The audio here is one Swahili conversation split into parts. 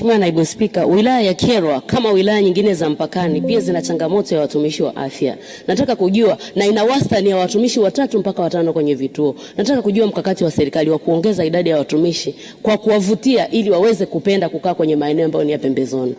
Mheshimiwa Naibu Spika, wilaya ya Kyerwa kama wilaya nyingine za mpakani pia zina changamoto ya watumishi wa afya. Nataka kujua na ina wastani ya watumishi watatu mpaka watano kwenye vituo. Nataka kujua mkakati wa serikali wa kuongeza idadi ya watumishi kwa kuwavutia ili waweze kupenda kukaa kwenye maeneo ambayo ni ya pembezoni.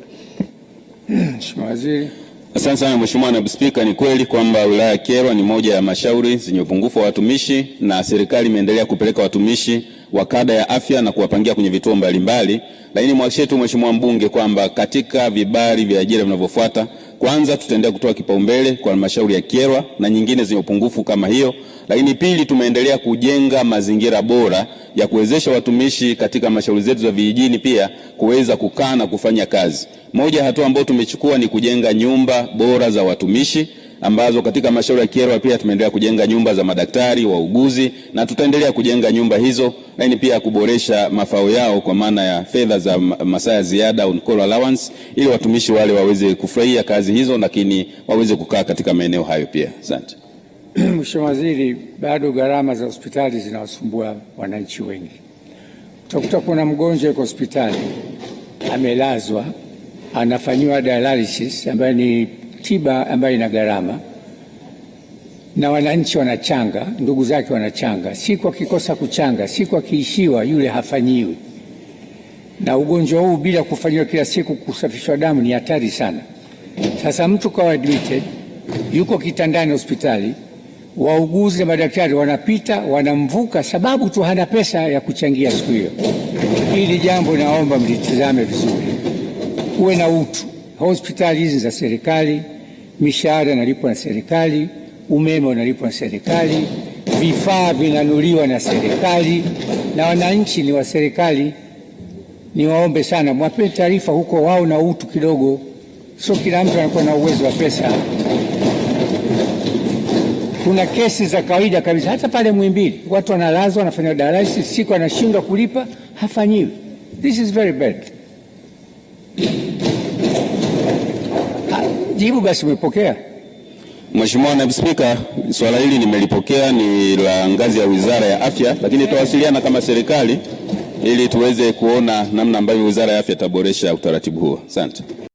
Mheshimiwa Waziri. Asante sana Mheshimiwa Naibu Spika, ni kweli kwamba wilaya ya Kyerwa ni moja ya mashauri zenye upungufu wa watumishi na serikali imeendelea kupeleka watumishi wa kada ya afya na kuwapangia kwenye vituo mbalimbali, lakini mwakishie tu mheshimiwa mbunge kwamba katika vibali vya ajira vinavyofuata, kwanza tutaendelea kutoa kipaumbele kwa halmashauri ya Kyerwa na nyingine zenye upungufu kama hiyo, lakini pili, tumeendelea kujenga mazingira bora ya kuwezesha watumishi katika halmashauri zetu za vijijini pia kuweza kukaa na kufanya kazi. Moja hatua ambayo tumechukua ni kujenga nyumba bora za watumishi ambazo katika halmashauri ya Kyerwa pia tumeendelea kujenga nyumba za madaktari, wauguzi na tutaendelea kujenga nyumba hizo, lakini pia kuboresha mafao yao kwa maana ya fedha za masaa ya ziada on call allowance, ili watumishi wale waweze kufurahia kazi hizo, lakini waweze kukaa katika maeneo hayo pia. Asante Mheshimiwa Waziri, bado gharama za hospitali zinawasumbua wananchi wengi. Utakuta kuna mgonjwa kwa hospitali amelazwa, anafanyiwa dialysis ambayo ni tiba ambayo ina gharama na wananchi wanachanga, ndugu zake wanachanga, siku akikosa kuchanga, siku akiishiwa, yule hafanyiwi. Na ugonjwa huu bila kufanyiwa kila siku kusafishwa damu ni hatari sana. Sasa mtu kawa admitted, yuko kitandani hospitali, wauguzi na madaktari wanapita wanamvuka, sababu tu hana pesa ya kuchangia siku hiyo. Hili jambo naomba mlitizame vizuri, uwe na utu hospitali hizi za serikali, mishahara inalipwa na serikali, umeme unalipwa na serikali, vifaa vinanuliwa na serikali na wananchi ni wa serikali. Niwaombe sana mwape taarifa huko wao na utu kidogo, sio kila mtu anakuwa na uwezo wa pesa. Kuna kesi za kawaida kabisa, hata pale Mwimbili watu wanalazwa, wanafanya dialysis, siku anashindwa kulipa, hafanyiwi. This is very bad jibu basi umepokea. Mheshimiwa Naibu Spika, swala hili nimelipokea, ni la ngazi ya Wizara ya Afya, lakini tutawasiliana kama serikali ili tuweze kuona namna ambavyo Wizara ya Afya itaboresha utaratibu huo. Asante.